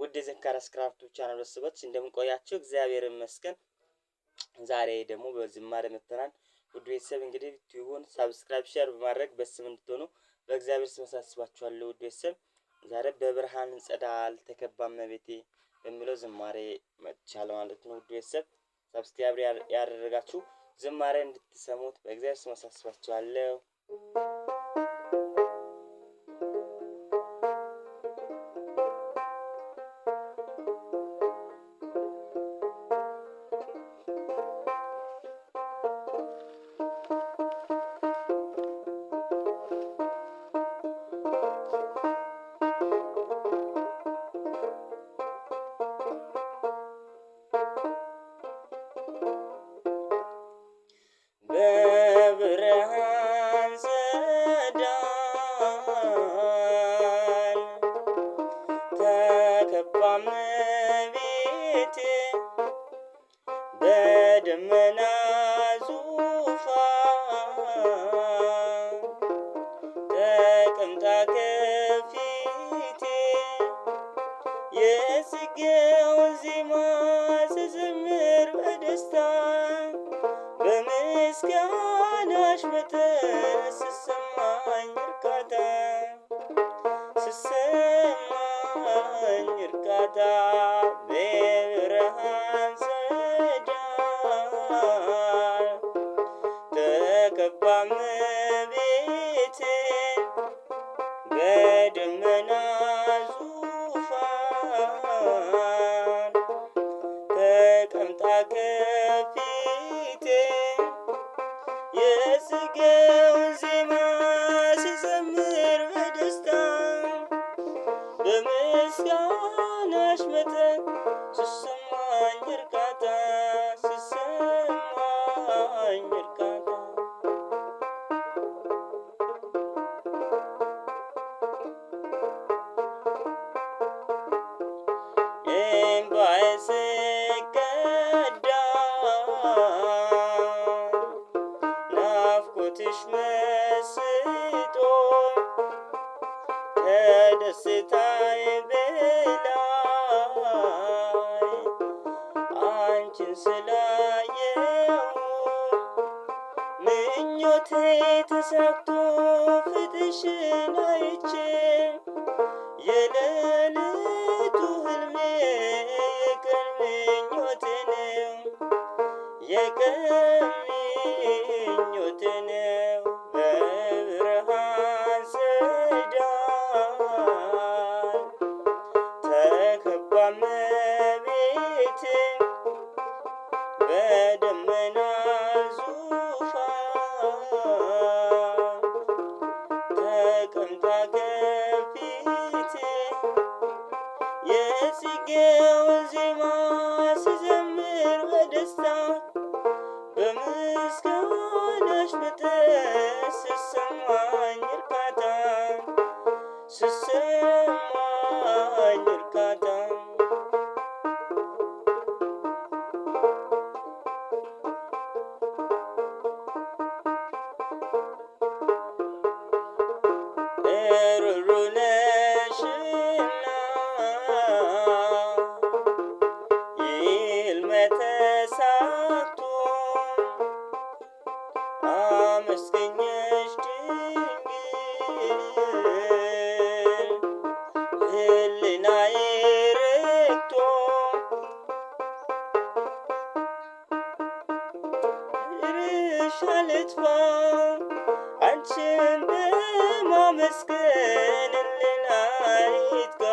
ውድ የዘካርያስ ክራፍቱ ቻናል ቤተሰቦች እንደምንቆያቸው እግዚአብሔር ይመስገን። ዛሬ ደግሞ በዝማሬ መጥተናል። ውድ ቤተሰብ እንግዲህ ዩቲዩቡን ሳብስክራይብ፣ ሼር በማድረግ በስም እንድትሆኑ በእግዚአብሔር ስም አሳስባችኋለሁ። ውድ ቤተሰብ ዛሬ በብርሃን ጸዳል ተከባ እመቤቴ በሚለው ዝማሬ መጥቻለሁ ማለት ነው። ውድ ቤተሰብ ሰብስክራይብ ያደረጋችሁ ዝማሬ እንድትሰሙት በእግዚአብሔር ስም አሳስባችኋለሁ። ምስጋናሽ መጠን ስሰማኝ እርካታ ስሰማኝ እርካታ በብርሃን ፀዳል ተከባ እመቤቴ በደመና ዙፋን ተቀምጣ መጠን ስሰማኝ እርካታ ስሰማኝ እርካታ እምባዬ ናፍቆትሽ መስጦ ከደስታዬ በላይ ምኞቴ ተሳክቶ ፊትሽን አይቼ የሌሊቱ ህልሜ የቀን ምኞቴ ነው። Mas me desse, Senhor. ልጥፋ አንቺን በማመስገን ሕሊና ይትጋ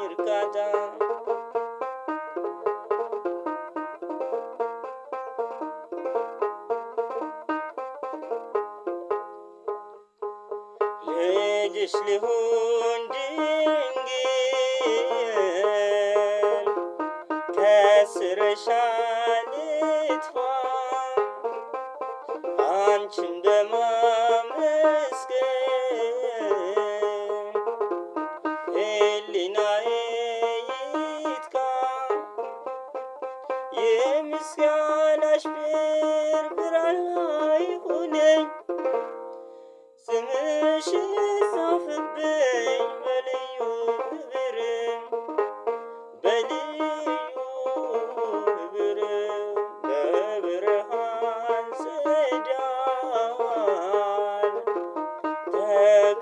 nirkata ልጅሽ ልሁን ድንግል ከስርሻ ልትፋ ስምሽን ጻፍብኝ በልዩ ክብር በልዩ ክብር በብርሃን ጽዳል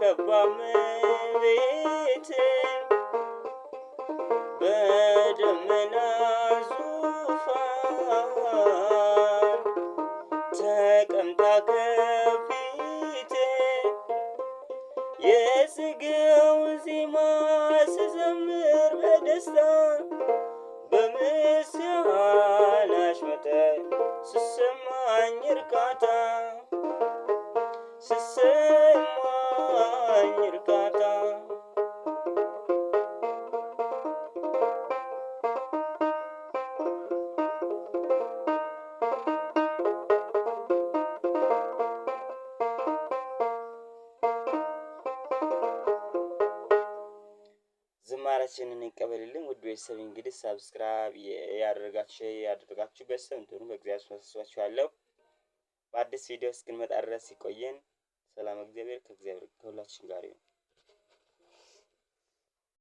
ተከባ እመቤቴ ስሰማኝ እርካታ ቃላችንን ይቀበልልን። ውድ ቤተሰብ እንግዲህ ሳብስክራይብ ያደረጋችሁ ያደረጋችሁ ቤተሰብ እንትኑ በእግዚአብሔር ስመሰሷችኋለሁ። በአዲስ ቪዲዮ እስክንመጣ ድረስ ይቆየን። ሰላም እግዚአብሔር ከእግዚአብሔር ከሁላችን ጋር ይሁን።